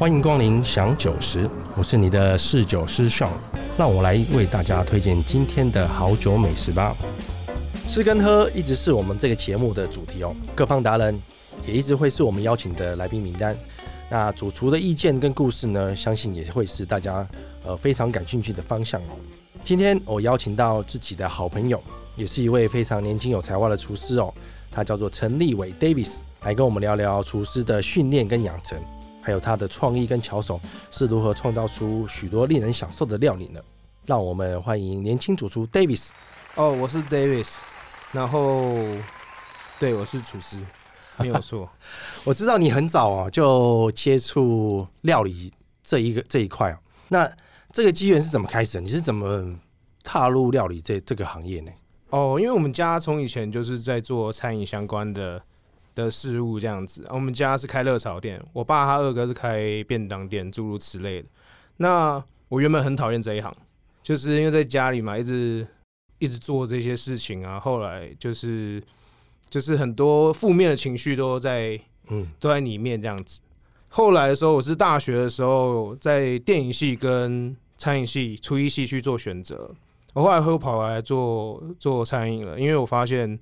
歡迎光臨享酒時。我是你的侍酒師 Sean，讓我來為大家推薦今天的好酒美食吧。吃跟喝一直是我們這個節目的主題哦，各方達人也一直會是我們邀請的來賓名單。那主廚的意見跟故事呢，相信也會是大家呃非常感興趣的方向哦。今天我邀請到自己的好朋友，也是一位非常年輕有才華的廚師哦，他叫做陳立偉 Davis，來跟我們聊聊廚師的訓練跟養成。還有他的創意跟巧手是如何創造出許多令人享受的料理呢？讓我們歡迎年輕主廚 Davis。哦，我是 Davis，然後對，我是廚師，沒有錯。 我知道你很早啊就接觸料理這一個這一塊啊。那這個機緣是怎麼開始的？你是怎麼踏入料理這這個行業呢？哦，因為我們家從以前就是在做餐飲相關的的事物這樣子，我們家是開熱炒店，我爸他二哥是開便當店，諸如此類的。那我原本很討厭這一行，就是因為在家裡嘛，一直一直做這些事情啊。後來就是就是很多負面的情緒都在嗯，都在裡面這樣子。後來的時候，我是大學的時候在電影系跟餐飲系初一系去做選擇，我後來又跑來做做餐飲了，因為我發現。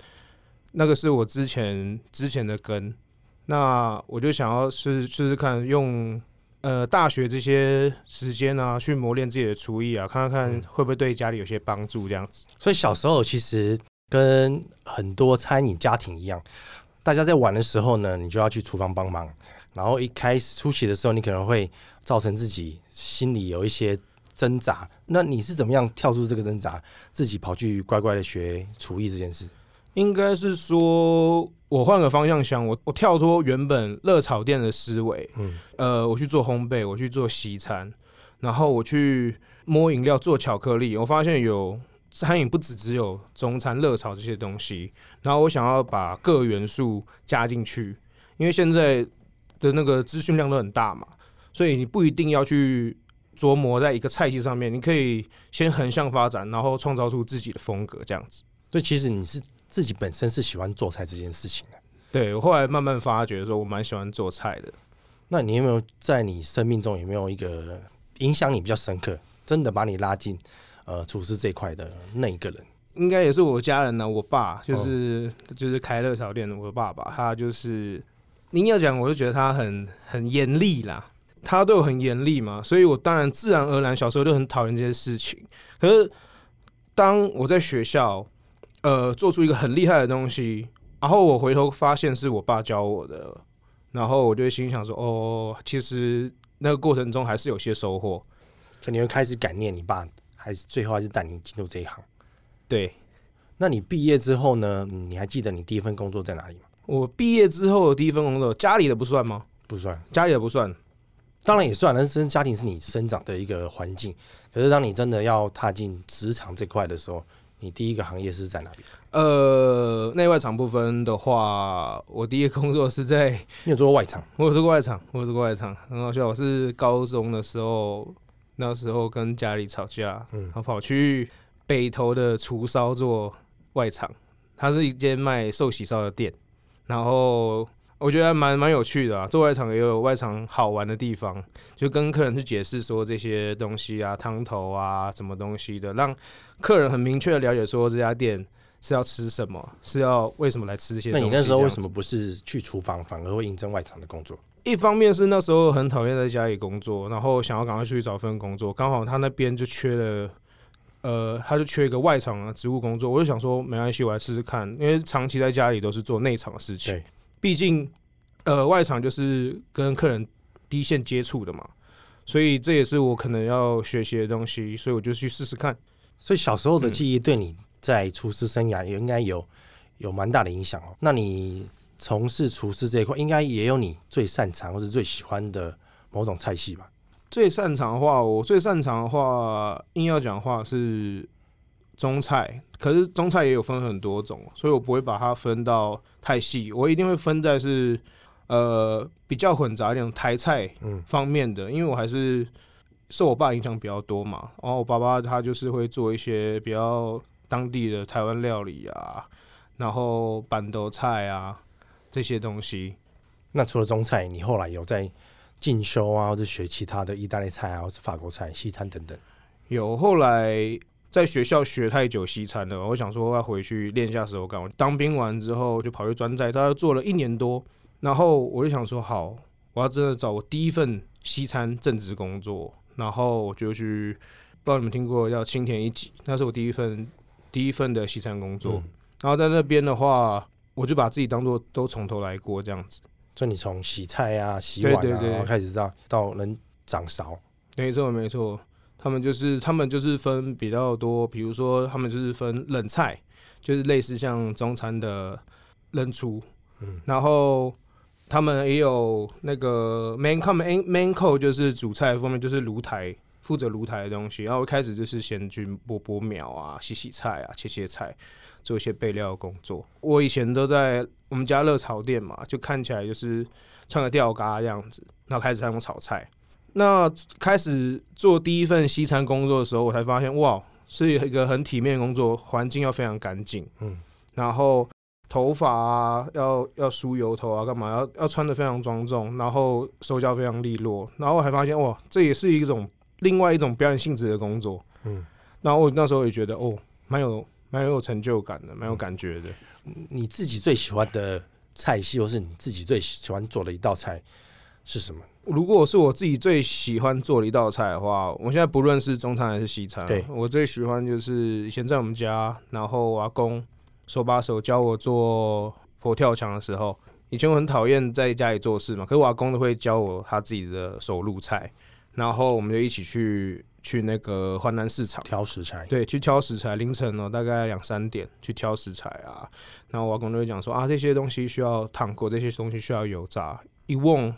那個是我之前之前的根，那我就想要試試試看，用呃大學這些時間啊，去磨練自己的廚藝啊，看看看會不會對家裡有些幫助這樣子。所以小時候其實跟很多餐飲家庭一樣，大家在玩的時候呢，你就要去廚房幫忙。然後一開始初期的時候，你可能會造成自己心裡有一些掙扎。那你是怎麼樣跳出這個掙扎，自己跑去乖乖的學廚藝這件事？應該是說，我換個方向想，我我跳脫原本熱炒店的思維，嗯，呃，我去做烘焙，我去做西餐，然後我去摸飲料做巧克力。我發現有餐飲不止只有中餐熱炒這些東西，然後我想要把各元素加進去，因為現在的那個資訊量都很大嘛，所以你不一定要去琢磨在一個菜系上面，你可以先橫向發展，然後創造出自己的風格，這樣子。所以其實你是。自己本身是喜歡做菜這件事情的。啊，對。我後來慢慢發覺，說我蠻喜歡做菜的。那你有沒有在你生命中，有沒有一個影響你比較深刻，真的把你拉進呃廚師這一塊的那一個人？應該也是我家人呢。啊。我爸就是、哦，就是開熱炒店的，我爸爸。他就是您要講，我就覺得他很很嚴厲啦。他對我很嚴厲嘛，所以我當然自然而然小時候就很討厭這件事情。可是當我在學校。呃，做出一個很厲害的東西，然後我回頭發現是我爸教我的，然後我就會心想說：“哦，其實那個過程中還是有些收穫。”所以你會開始感念你爸，還是最後還是帶你進入這一行？對，那你畢業之後呢？你還記得你第一份工作在哪裡嗎？我畢業之後的第一份工作，家裡的不算嗎？不算，家裡的不算，當然也算。但是家庭是你生長的一個環境，可是當你真的要踏進職場這塊的時候。你第一個行業是在哪裡？呃，內外場部分的話，我第一個工作是在。你有做過外場？我有做過外場，我有做過外場，很好笑。我是高中的時候，那時候跟家裡吵架，嗯，然後跑去北投的廚燒做外場，它是一間賣壽喜燒的店，然後。我覺得蠻蠻有趣的啊，做外場也有外場好玩的地方，就跟客人去解釋說這些東西啊、湯頭啊、什麼東西的，讓客人很明確的了解說這家店是要吃什麼，是要為什麼來吃這些東西這樣子。那你那時候為什麼不是去廚房，反而會應徵外場的工作？一方面是那時候很討厭在家裡工作，然後想要趕快出去找份工作，剛好他那邊就缺了，呃，他就缺一個外場的職務工作，我就想說沒關係，我來試試看，因為長期在家裡都是做內場的事情。畢竟，呃，外場就是跟客人第一線接觸的嘛，所以這也是我可能要學習的東西，所以我就去試試看。所以小時候的記憶對你在廚師生涯也應該有有蠻大的影響哦，喔。那你從事廚師這一塊，應該也有你最擅長或者最喜歡的某種菜系吧？最擅長的話，我最擅長的話，硬要講的話是中菜，可是中菜也有分很多種，所以我不會把它分到。菜系我一定會分在是，呃，比較混雜一點台菜方面的，嗯、因為我還是受我爸影響比較多嘛。然後我爸爸他就是會做一些比較當地的台灣料理啊，然後板豆菜啊這些東西。那除了中菜，你後來有在進修啊，或者學其他的意大利菜啊，或是法國菜，西餐等等？有後來。在學校學太久西餐了，我想說要回去練一下手感，我當兵完之後就跑去專債，大概做了一年多，然後我就想說好，我要真的找我第一份西餐正職工作，然後我就去，不知道你們聽過叫青田一集，那是我第一份第一份的西餐工作。嗯、然後在那邊的話，我就把自己當做都從頭來過這樣子。就你從洗菜啊，洗碗啊，對對對，開始，這樣到能掌勺。沒錯，沒錯。他們就是，他們就是分比較多，比如說他們就是分冷菜，就是類似像中餐的冷廚，嗯，然後他們也有那個 main come main cook，就是主菜方面就是爐台，負責爐台的東西，然後開始就是先去剝剝苗，苗啊、洗洗菜啊、切切菜，做一些備料工作。我以前都在我們家熱炒店嘛，就看起來就是穿個吊嘎這樣子，然後開始在用炒菜。那開始做第一份西餐工作的時候，我才發現哇，是一個很體面的工作，環境要非常乾淨，嗯，然後頭髮啊要要梳油頭啊，幹嘛要要穿的非常莊重，然後手腳非常利落，然後我還發現哇，這也是一種另外一種表演性質的工作，嗯，那我那時候也覺得哦，蠻有蠻有成就感的，蠻有感覺的、嗯。你自己最喜歡的菜系，或是你自己最喜歡做的一道菜，是什麼？如果是我自己最喜歡做的一道菜的話，我現在不論是中餐還是西餐對，對我最喜歡就是以前在我們家，然後我阿公手把手教我做佛跳牆的時候，以前我很討厭在家裡做事嘛，可是我阿公都會教我他自己的手路菜，然後我們就一起去去那個華南市場挑食材，對，去挑食材，凌晨了、喔、大概兩三點去挑食材啊，然後我阿公就會講說啊，這些東西需要燙過，這些東西需要油炸，一甕。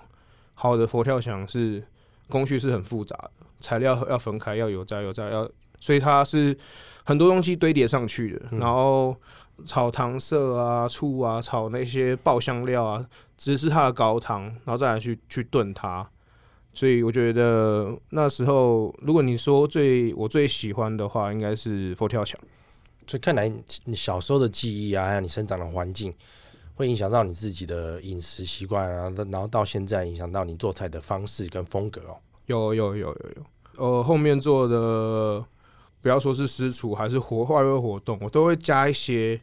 好的佛跳牆是工序是很複雜的，材料要分開，要有渣有渣，要所以它是很多東西堆疊上去的，嗯、然後炒糖色啊、醋啊、炒那些爆香料啊，只是它的高湯，然後再來去去燉它。所以我覺得那時候，如果你說最我最喜歡的話，應該是佛跳牆。所以看來你小時候的記憶啊，還有你生長的環境。會影響到你自己的飲食習慣啊，然後到現在影響到你做菜的方式跟風格哦、喔。有有有有有，呃，後面做的不要說是私廚還是活戶外活動，我都會加一些，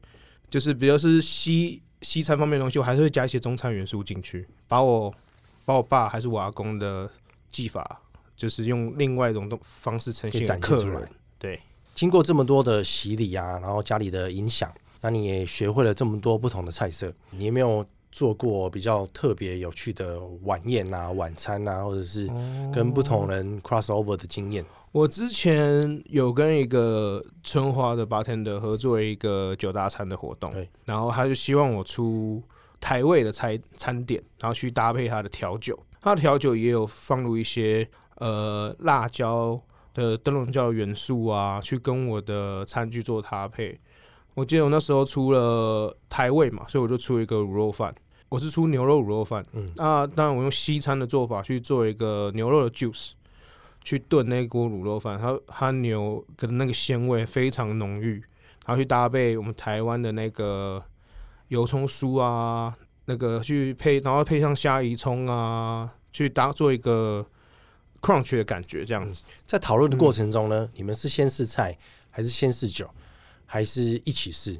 就是比如是西西餐方面的東西，我還是會加一些中餐元素進去，把我把我爸還是我阿公的技法，就是用另外一種方式呈現給客人。對，經過這麼多的洗禮啊，然後家裡的影響。那你也學會了這麼多不同的菜色，你有沒有做過比較特別有趣的晚宴啊、晚餐啊，或者是跟不同人 cross over 的經驗？我之前有跟一個春花的 bartender 合作一個九大餐的活動，對，然後他就希望我出台味的菜餐點，然後去搭配他的調酒，他的調酒也有放入一些呃辣椒、的燈籠椒元素啊，去跟我的餐具做搭配。我記得我那時候出了台味嘛，所以我就出一個滷肉飯。我是出牛肉滷肉飯，嗯，啊，當然我用西餐的做法去做一個牛肉的 juice，去燉那鍋滷肉飯，它它牛跟那個鮮味非常濃郁，然後去搭配我們台灣的那個油蔥酥啊，那個去配，然後配上蝦夷蔥啊，去搭做一個 crunch 的感覺這樣子。嗯，在討論的過程中呢，嗯，你們是先試菜還是先試酒？還是一起試？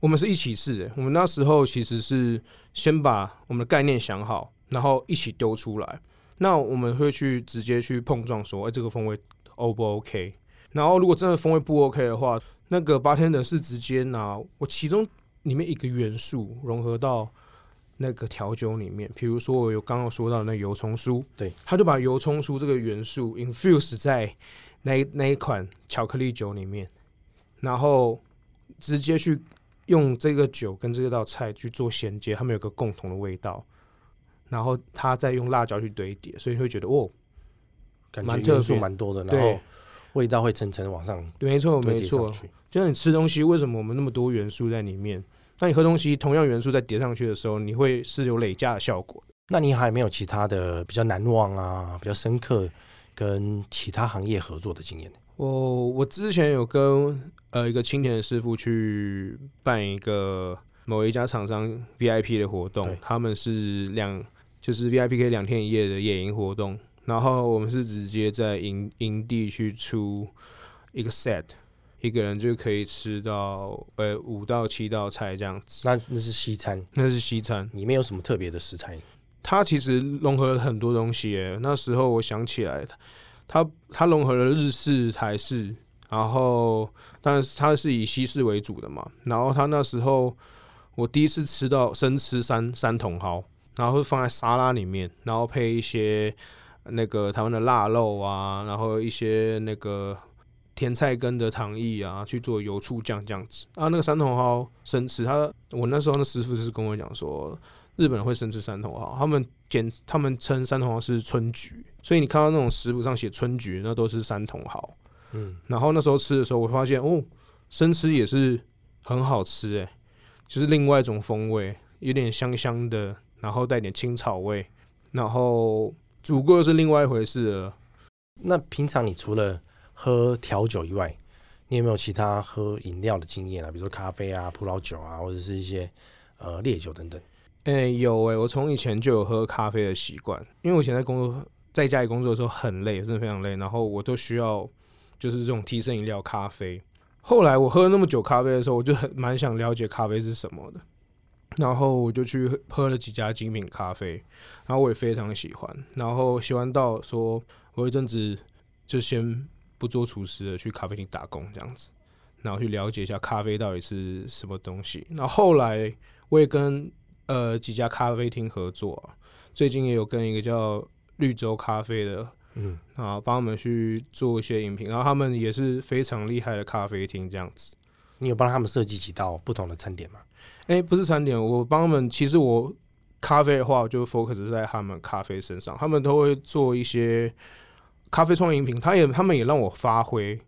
我們是一起試、欸。我們那時候其實是先把我們的概念想好，然後一起丟出來。那我們會去直接去碰撞，說：“哎、欸，這個風味 O 不 OK？” 然後如果真的風味不 OK 的話，那個 bartender 是直接拿我其中裡面一個元素融合到那個調酒裡面。比如說，我有剛剛說到的那個油蔥酥，對，他就把油蔥酥這個元素 infuse 在哪那一款巧克力酒裡面。然後直接去用這個酒跟這道菜去做銜接，它們有個共同的味道。然後他再用辣椒去堆疊，所以你會覺得哦，感覺蠻特殊、蠻多的。對然後味道會層層往上,上對。沒錯，沒錯。就像你吃東西，為什麼我們那麼多元素在裡面？那你喝東西，同樣元素再疊上去的時候，你會是有累加的效果的。那你還有沒有其他的比較難忘啊、比較深刻跟其他行業合作的經驗？我我之前有跟呃一個青田的師傅去辦一個某一家廠商 VIP 的活動，對他們是兩，就是 VIP 可以兩天一夜的野營活動，然後我們是直接在營營地去出一個 set，一個人就可以吃到呃五到七道菜這樣子。那那是西餐，那是西餐。裡面有什麼特別的食材？它其實融合了很多東西誒，那時候我想起來。它它融合了日式、台式，然後但是它是以西式為主的嘛。然後他那時候我第一次吃到生吃山山茼蒿，然後放在沙拉裡面，然後配一些那個台灣的臘肉啊，然後一些那個甜菜根的糖意啊，去做油醋醬這樣子啊。那個山茼蒿生吃，他我那時候那師傅就是跟我講說。日本人會生吃山茼蒿，他們簡他們稱山茼蒿是春菊，所以你看到那種食譜上寫春菊，那都是山茼蒿。嗯，然後那時候吃的時候，我發現哦，生吃也是很好吃，欸，誒，就是另外一種風味，有點香香的，然後帶點青草味，然後煮過又是另外一回事了。那平常你除了喝調酒以外，你有沒有其他喝飲料的經驗啊？比如說咖啡啊、葡萄酒啊，或者是一些呃烈酒等等。誒，欸有誒、欸，我從以前就有喝咖啡的習慣，因為我以前在工作，在家裡工作的時候很累，真的非常累，然後我都需要就是這種提神飲料咖啡。後來我喝了那麼久咖啡的時候，我就很蠻想了解咖啡是什麼的，然後我就去喝了幾家精品咖啡，然後我也非常喜歡，然後喜歡到說，我一陣子就先不做廚師了，去咖啡廳打工這樣子，然後去了解一下咖啡到底是什麼東西。那後，後來我也跟呃，幾家咖啡廳合作，啊，最近也有跟一個叫綠洲咖啡的，嗯，然後幫他們去做一些飲品，然後他們也是非常厲害的咖啡廳，這樣子。你有幫他們設計幾道不同的餐點嗎？哎，欸，不是餐點，我幫他們。其實我咖啡的話，我就 focus 在他們咖啡身上，他們都會做一些咖啡創意飲品。他也，他們也讓我發揮，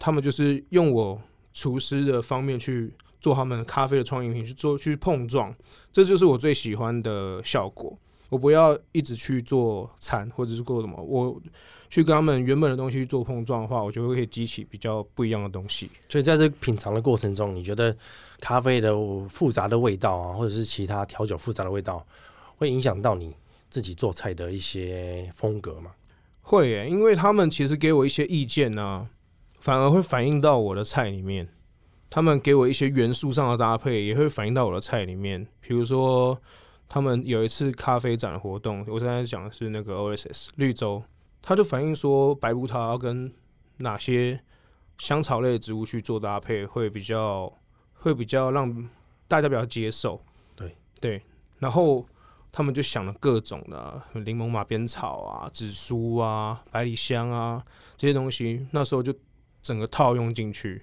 他們就是用我廚師的方面去。做他們咖啡的創意品，去做去碰撞，這就是我最喜歡的效果。我不要一直去做餐或者是做什麼，我去跟他們原本的東西去做碰撞的話，我就會可以激起比較不一樣的東西。所以，在這品嘗的過程中，你覺得咖啡的複雜的味道啊，或者是其他調酒複雜的味道，會影響到你自己做菜的一些風格嗎？會耶、欸，因為他們其實給我一些意見呢、啊，反而會反映到我的菜裡面。他們給我一些元素上的搭配，也會反映到我的菜裡面。比如說，他們有一次咖啡展的活動，我現在講的是那個 OSS 綠洲，他就反映說白葡萄要跟哪些香草類的植物去做搭配會比較、會比較讓大家比較接受。對對，然後他們就想了各種的檸檬馬鞭草啊、紫蘇啊、百里香啊這些東西，那時候就整個套用進去。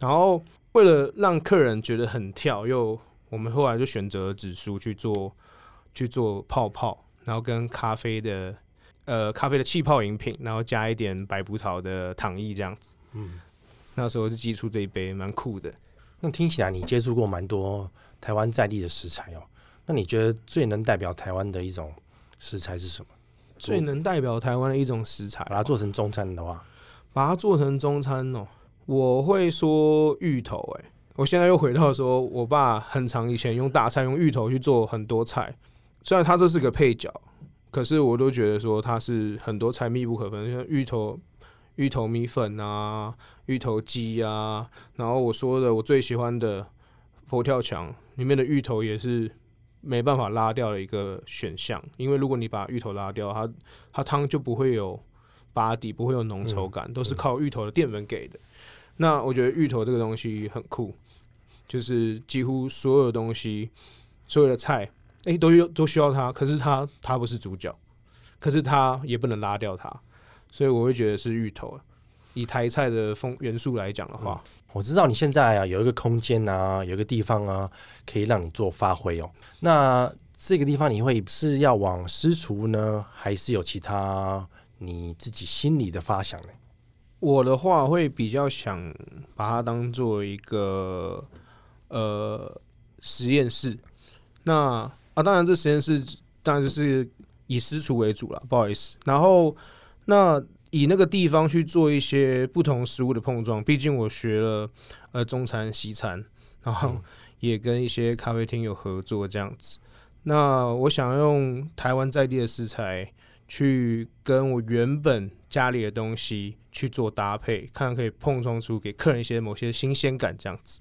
然後為了讓客人覺得很跳，又我們後來就選擇紫蘇去做去做泡泡，然後跟咖啡的呃咖啡的氣泡飲品，然後加一點白葡萄的糖液這樣子。嗯，那時候就祭出這一杯蠻酷的。那聽起來你接觸過蠻多台灣在地的食材哦。那你覺得最能代表台灣的一種食材是什麼？最能代表台灣的一種食材哦，把它做成中餐的話，把它做成中餐哦。我會說芋頭、欸，誒，我現在又回到說，我爸很長以前用大菜用芋頭去做很多菜，雖然它這是個配角，可是我都覺得說它是很多菜密不可分，像芋頭、芋頭米粉啊、芋頭雞啊，然後我說的我最喜歡的佛跳牆裡面的芋頭也是沒辦法拉掉的一個選項，因為如果你把芋頭拉掉，它它湯就不會有巴底，不會有濃稠感，嗯、都是靠芋頭的澱粉給的。那我覺得芋頭這個東西很酷，就是幾乎所有東西、所有的菜，哎、欸，都有都需要它。可是它它不是主角，可是它也不能拉掉它。所以我會覺得是芋頭。以台菜的風元素來講的話，我知道你現在啊有一個空間啊，有一個地方啊，可以讓你做發揮哦、喔。那這個地方你會是要往私廚呢，還是有其他你自己心裡的發想呢？我的話會比較想把它當做一個呃實驗室。那啊，當然這實驗室當然就是以私廚為主了，不好意思。然後那以那個地方去做一些不同食物的碰撞。畢竟我學了呃中餐、西餐，然後也跟一些咖啡廳有合作這樣子。那我想用台灣在地的食材去跟我原本家裡的東西去做搭配，看看可以碰撞出給客人一些某些新鮮感，這樣子。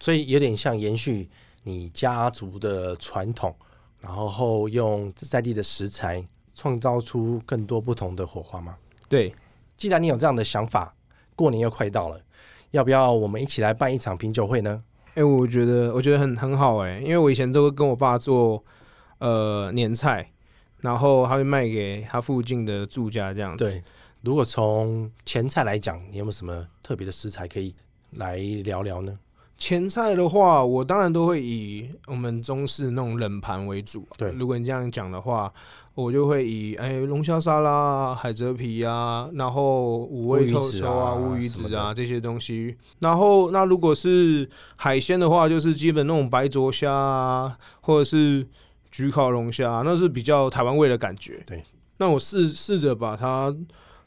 所以有點像延續你家族的傳統，然後用在地的食材創造出更多不同的火花嗎？對，既然你有這樣的想法，過年又快到了，要不要我們一起來辦一場品酒會呢？欸，我覺得我覺得很很好欸，因為我以前都會跟我爸做呃年菜，然後他會賣給他附近的住家這樣子。對如果從前菜來講，你有沒有什麼特別的食材可以來聊聊呢？前菜的話，我當然都會以我們中式那種冷盤為主啊。對，如果你這樣講的話，我就會以哎龍蝦沙拉、海蜇皮啊，然後五味透抽啊、烏魚子啊、烏魚子啊這些東西。然後那如果是海鮮的話，就是基本那種白灼蝦啊，或者是焗烤龍蝦，那是比較台灣味的感覺。對，那我試試着把它。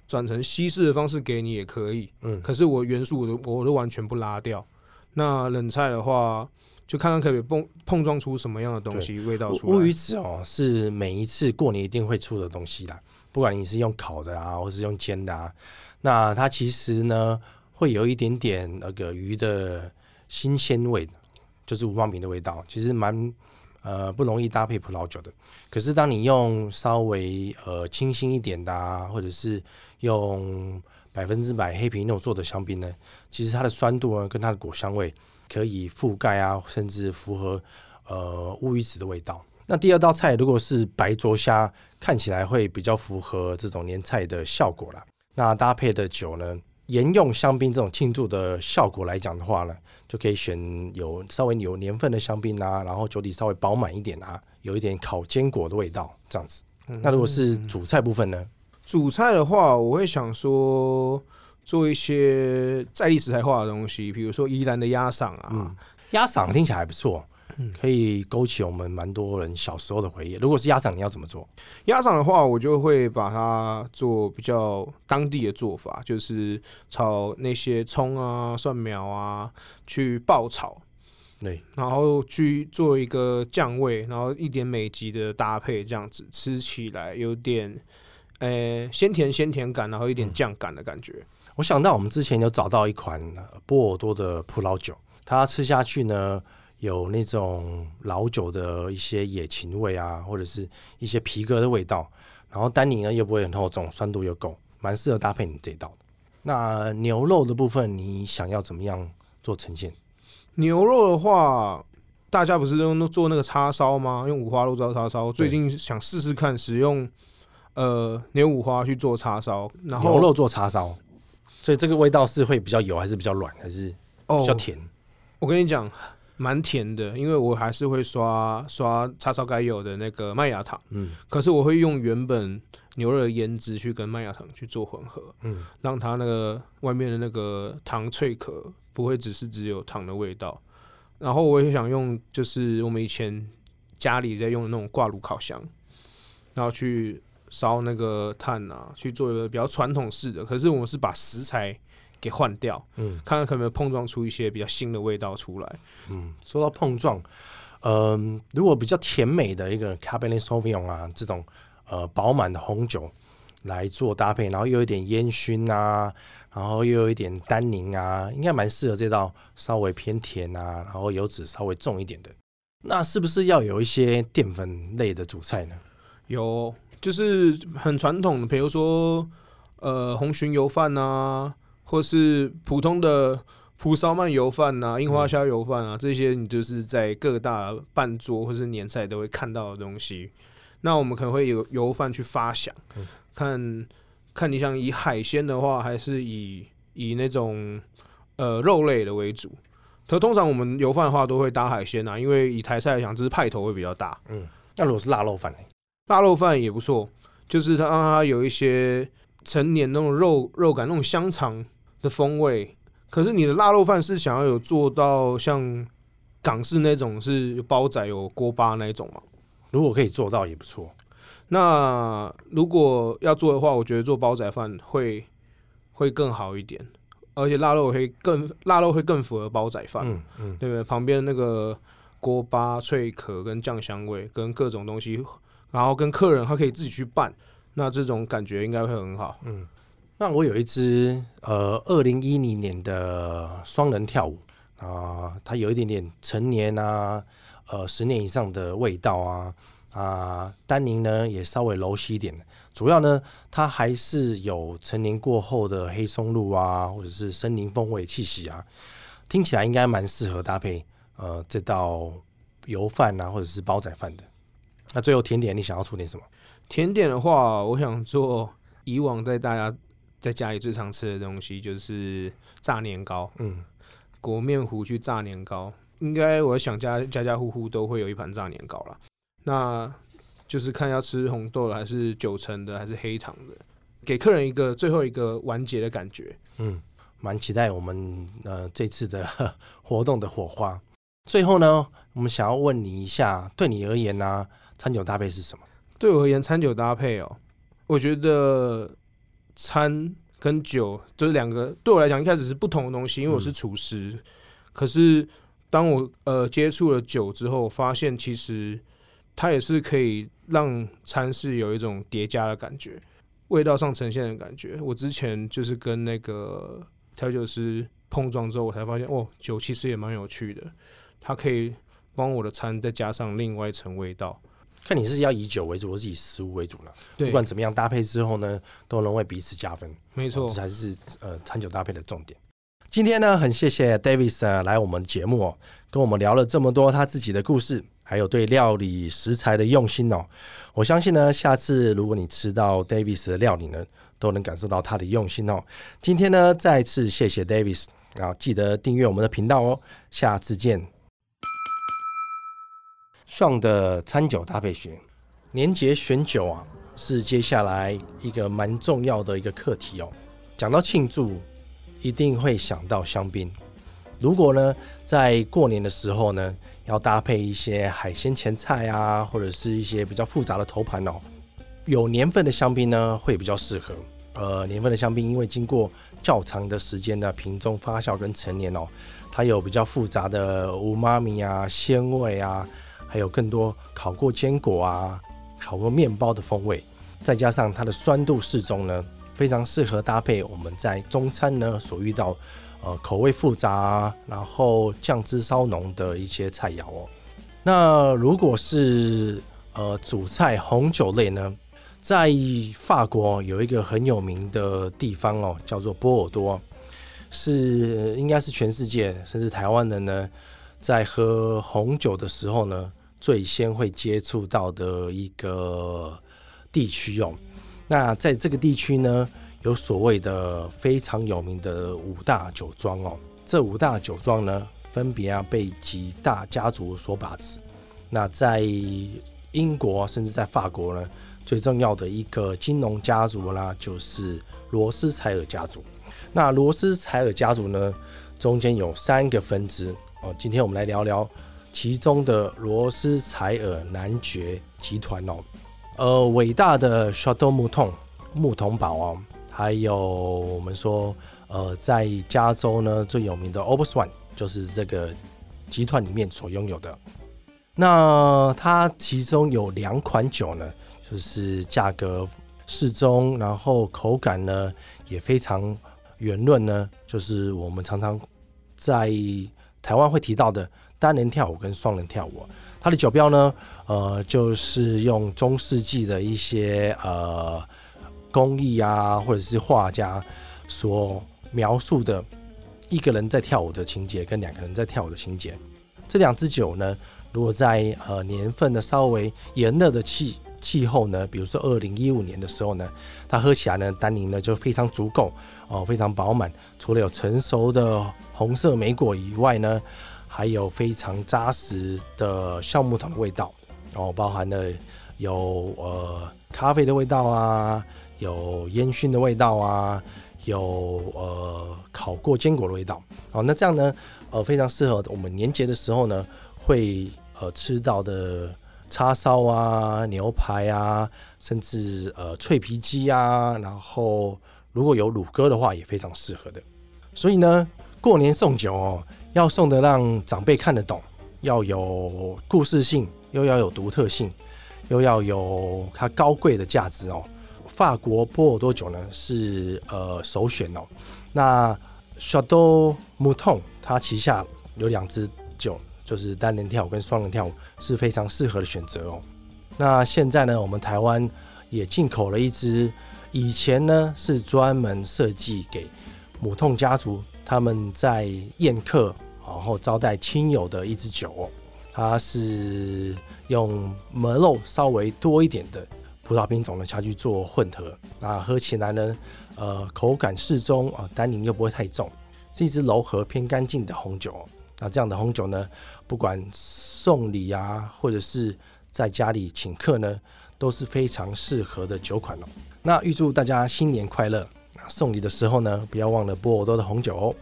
轉成西式的方式給你也可以，嗯，可是我元素我都我都完全不拉掉。那冷菜的話，就看看可不可以碰碰撞出什麼樣的東西，對味道出來。烏魚子哦，是每一次過年一定會出的東西啦。不管你是用烤的啊，或是用煎的啊，那它其實呢，會有一點點那個魚的新鮮味，就是五方平的味道，其實蠻。呃，不容易搭配葡萄酒的。可是，當你用稍微呃清新一點的啊，或者是用百分之百黑皮諾做的香檳呢，其實它的酸度呢，跟它的果香味可以覆蓋啊，甚至符合呃烏魚子的味道。那第二道菜如果是白灼蝦，看起來會比較符合這種年菜的效果啦。那搭配的酒呢？沿用香檳這種慶祝的效果來講的話呢，就可以選有稍微有年份的香檳啊，然後酒體稍微飽滿一點啊，有一點烤堅果的味道，這樣子。那如果是主菜部分呢、嗯？嗯、主菜的話，我會想說做一些在地食材化的東西，比如說宜蘭的鴨賞啊，鴨賞聽起來還不錯。可以勾起我們蠻多人小時候的回憶。如果是鴨掌，你要怎麼做？鴨掌的話，我就會把它做比較當地的做法，就是炒那些蔥啊、蒜苗啊去爆炒，對，然後去做一個醬味，然後一點美極的搭配，這樣子吃起來有點呃欸鮮甜鮮甜感，然後一點醬感的感覺、嗯。我想到我們之前有找到一款波爾多的葡萄酒，它吃下去呢。有那種老酒的一些野禽味啊，或者是一些皮革的味道，然後丹寧呢又不會很厚重，酸度又夠，蠻適合搭配你這一道的。那牛肉的部分，你想要怎麼樣做呈現？牛肉的話，大家不是都做那個叉燒嗎？用五花肉做叉燒，我最近想試試看使用呃牛五花去做叉燒，然後牛肉做叉燒，所以這個味道是會比較油，還是比較軟，還是比較甜？哦，我跟你講。蠻甜的，因為我還是會刷刷叉燒該有的那個麥芽糖，嗯，可是我會用原本牛肉的醃汁去跟麥芽糖去做混合，嗯，讓它那個外面的那個糖脆殼不會只是只有糖的味道。然後我也想用，就是我們以前家裡在用的那種掛爐烤箱，然後去燒那個炭啊，去做一個比較傳統式的。可是我們是把食材。給換掉，嗯，看看可不可以碰撞出一些比較新的味道出來，嗯，說到碰撞，嗯、呃，如果比較甜美的一個 Cabernet Sauvignon 啊，這種呃飽滿的紅酒來做搭配，然後又有一點煙熏啊，然後又有一點單寧啊，應該蠻適合這道稍微偏甜啊，然後油脂稍微重一點的，那是不是要有一些澱粉類的主菜呢？有，就是很傳統的，比如說呃紅蟳油飯啊。或是普通的蒲燒鰻油飯吶、櫻花蝦油飯啊，啊嗯、這些你就是在各大辦桌，或是年菜都會看到的東西。那我們可能會有油飯去發想，嗯、看看你想以海鮮的話，還是以以那種呃肉類的為主。可通常我們油飯的話都會搭海鮮啊，因為以台菜來講，就是派頭會比較大。嗯，那如果是臘肉飯呢？臘肉飯也不錯，就是它讓它有一些陳年那種肉肉感，那種香腸。的風味，可是你的臘肉飯是想要有做到像港式那種是有煲仔、有鍋巴那一種嗎？如果可以做到也不錯。那如果要做的話，我覺得做煲仔飯會會更好一點，而且臘肉會更臘肉會更符合煲仔飯，嗯，嗯嗯，對不對？旁邊那個鍋巴脆殼跟醬香味跟各種東西，然後跟客人他可以自己去拌，那這種感覺應該會很好，嗯。那我有一支呃二零一零年的雙人跳舞啊、呃，它有一點點成年啊，呃十年以上的味道啊啊、呃，丹寧呢也稍微柔細一點，主要呢它還是有成年過後的黑松露啊，或者是森林風味氣息啊，聽起來應該蠻適合搭配呃這道油飯啊或者是煲仔飯的。那最後甜點你想要出點什麼？甜點的話，我想做以往帶大家。在家裡最常吃的東西就是炸年糕，嗯，裹麵糊去炸年糕，應該我想家家家戶戶都會有一盤炸年糕啦。那就是看要吃紅豆的，還是九層的，還是黑糖的，給客人一個最後一個完結的感覺。嗯，蠻期待我們呃這次的活動的火花。最後呢，我們想要問你一下，對你而言呢，餐酒搭配是什麼？對我而言，餐酒搭配哦，我覺得。餐跟酒都、就是兩個對我來講一開始是不同的東西，因為我是廚師。嗯、可是當我呃接觸了酒之後，我發現其實它也是可以讓餐食有一種疊加的感覺，味道上呈現的感覺。我之前就是跟那個調酒師碰撞之後，我才發現哦，酒其實也蠻有趣的，它可以幫我的餐再加上另外一層味道。看你是要以酒為主，還是以食物為主呢？對不管怎麼樣搭配之後呢，都能為彼此加分。沒錯錯、哦，這才是呃餐酒搭配的重點。今天呢，很謝謝 Davis 來我們節目哦、喔，跟我們聊了這麼多他自己的故事，還有對料理食材的用心哦、喔。我相信呢，下次如果你吃到 Davis 的料理呢，都能感受到他的用心哦、喔。今天呢，再次謝謝 Davis 啊，記得訂閱我們的頻道哦、喔，下次見。上的餐酒搭配學年節選酒啊，是接下來一個蠻重要的一個課題哦。講到慶祝，一定會想到香檳。如果呢，在過年的時候呢，要搭配一些海鮮前菜啊，或者是一些比較複雜的頭盤哦，有年份的香檳呢，會比較適合。呃，年份的香檳因為經過較長的時間的瓶中發酵跟陳年哦，它有比較複雜的無媽咪啊、鮮味啊。還有更多烤過堅果啊、烤過麵包的風味，再加上它的酸度適中呢，非常適合搭配我們在中餐呢所遇到，呃口味複雜，啊、然後醬汁燒濃的一些菜肴哦。那如果是呃主菜紅酒類呢，在法國有一個很有名的地方哦，叫做波爾多，是應該是全世界甚至台灣人呢在喝紅酒的時候呢，最先會接觸到的一個地區哦，那在這個地區呢，有所謂的非常有名的五大酒莊哦。這五大酒莊呢，分別啊被幾大家族所把持。那在英國，甚至在法國呢，最重要的一個金融家族啦，就是羅斯柴爾家族。那羅斯柴爾家族呢，中間有三個分支哦。今天我們來聊聊。其中的羅斯柴爾男爵集團哦，呃，偉大的 Chateau Mouton 木桐堡哦，還有我們說，呃，在加州呢最有名的 Opus One，就是這個集團裡面所擁有的。那它其中有兩款酒呢，就是價格適中，然後口感呢也非常圓潤呢，就是我們常常在台灣會提到的。單人跳舞跟雙人跳舞，它的酒標呢，呃，就是用中世紀的一些呃工藝啊，或者是畫家所描述的一個人在跳舞的情節，跟兩個人在跳舞的情節。這兩支酒呢，如果在呃年份的稍微炎熱的氣氣候呢，比如說二零一五年的時候呢，它喝起來呢，單寧呢就非常足夠哦，呃，非常飽滿。除了有成熟的紅色莓果以外呢，還有非常扎實的橡木桶的味道，然後，哦，包含了有呃咖啡的味道啊，有煙燻的味道啊，有呃烤過堅果的味道。好、哦，那這樣呢，呃，非常適合我們年節的時候呢，會呃吃到的叉燒啊、牛排啊，甚至呃脆皮雞啊。然後如果有乳鴿的話，也非常適合的。所以呢，過年送酒哦。要送的讓長輩看得懂，要有故事性，又要有獨特性，又要有它高貴的價值哦。法國波爾多酒呢是呃首選哦。那 Château Mouton 它旗下有兩支酒，就是單人跳舞跟雙人跳舞是非常適合的選擇哦。那現在呢，我們台灣也進口了一支，以前呢是專門設計給 Mouton 家族他們在宴客，然後招待親友的一支酒哦，它是用梅洛稍微多一點的葡萄品種呢，下去做混合。那喝起來呢，呃，口感適中啊，單寧又不會太重，是一支柔和偏乾淨的紅酒哦。那這樣的紅酒呢，不管送禮啊，或者是在家裡請客呢，都是非常適合的酒款哦。那預祝大家新年快樂！那送禮的時候呢，不要忘了波爾多的紅酒哦。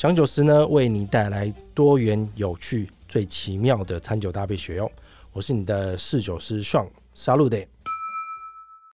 享酒師呢，為你帶來多元有趣、最奇妙的餐酒搭配學用。我是你的侍酒師 Sean Salude。